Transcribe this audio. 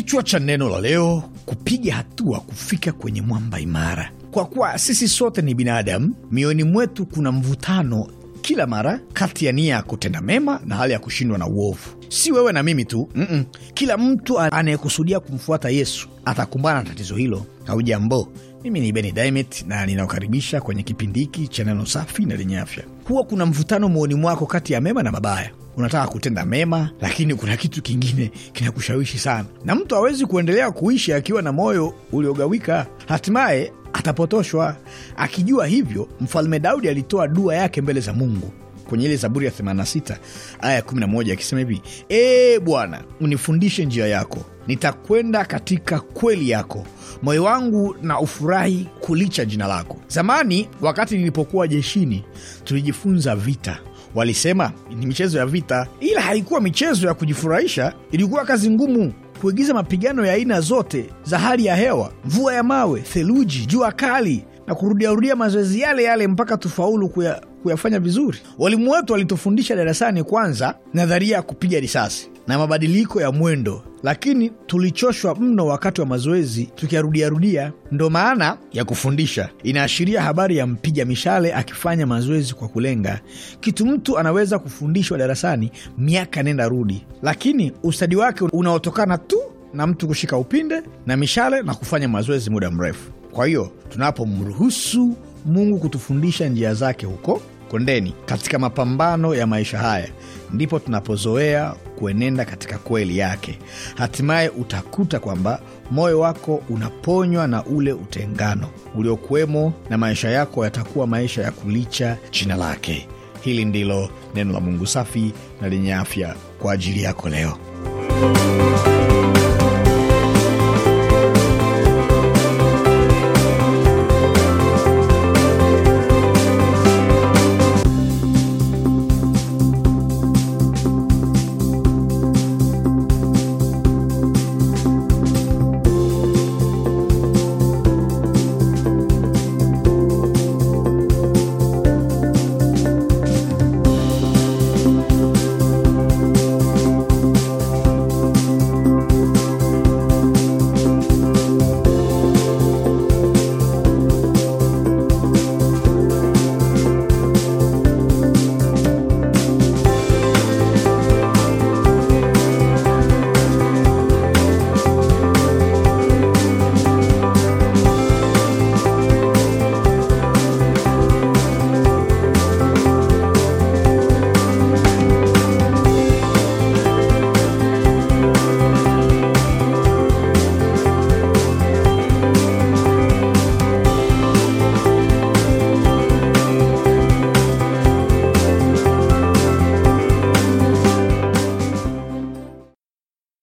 Kichwa cha neno la leo: kupiga hatua kufika kwenye mwamba imara. Kwa kuwa sisi sote ni binadamu, mioyoni mwetu kuna mvutano kila mara kati ya nia ya kutenda mema na hali ya kushindwa na uovu. Si wewe na mimi tu, mm -mm. Kila mtu anayekusudia kumfuata Yesu atakumbana na tatizo hilo. Haujambo, mimi ni Beni Dimet na ninakukaribisha kwenye kipindi hiki cha neno safi na lenye afya. Huwa kuna mvutano moyoni mwako kati ya mema na mabaya unataka kutenda mema, lakini kuna kitu kingine kinakushawishi sana, na mtu awezi kuendelea kuishi akiwa na moyo uliogawika. Hatimaye atapotoshwa. Akijua hivyo, Mfalme Daudi alitoa dua yake mbele za Mungu kwenye ile Zaburi ya 86 aya ya 11 akisema hivi: Ee Bwana, unifundishe njia yako, nitakwenda katika kweli yako, moyo wangu na ufurahi kulicha jina lako. Zamani wakati nilipokuwa jeshini, tulijifunza vita Walisema ni michezo ya vita, ila haikuwa michezo ya kujifurahisha. Ilikuwa kazi ngumu kuigiza mapigano ya aina zote za hali ya hewa, mvua ya mawe, theluji, jua kali na kurudiarudia mazoezi yale yale mpaka tufaulu kuya, kuyafanya vizuri. Walimu wetu walitufundisha darasani kwanza nadharia ya kupiga risasi na mabadiliko ya mwendo, lakini tulichoshwa mno wakati wa mazoezi tukiarudiarudia. Ndo maana ya kufundisha inaashiria habari ya mpiga mishale akifanya mazoezi kwa kulenga kitu. Mtu anaweza kufundishwa darasani miaka nenda rudi, lakini ustadi wake unaotokana tu na mtu kushika upinde na mishale na kufanya mazoezi muda mrefu. Kwa hiyo tunapomruhusu Mungu kutufundisha njia zake huko kondeni, katika mapambano ya maisha haya, ndipo tunapozoea kuenenda katika kweli yake. Hatimaye utakuta kwamba moyo wako unaponywa na ule utengano uliokuwemo, na maisha yako yatakuwa maisha ya kulicha jina lake. Hili ndilo neno la Mungu safi na lenye afya kwa ajili yako leo.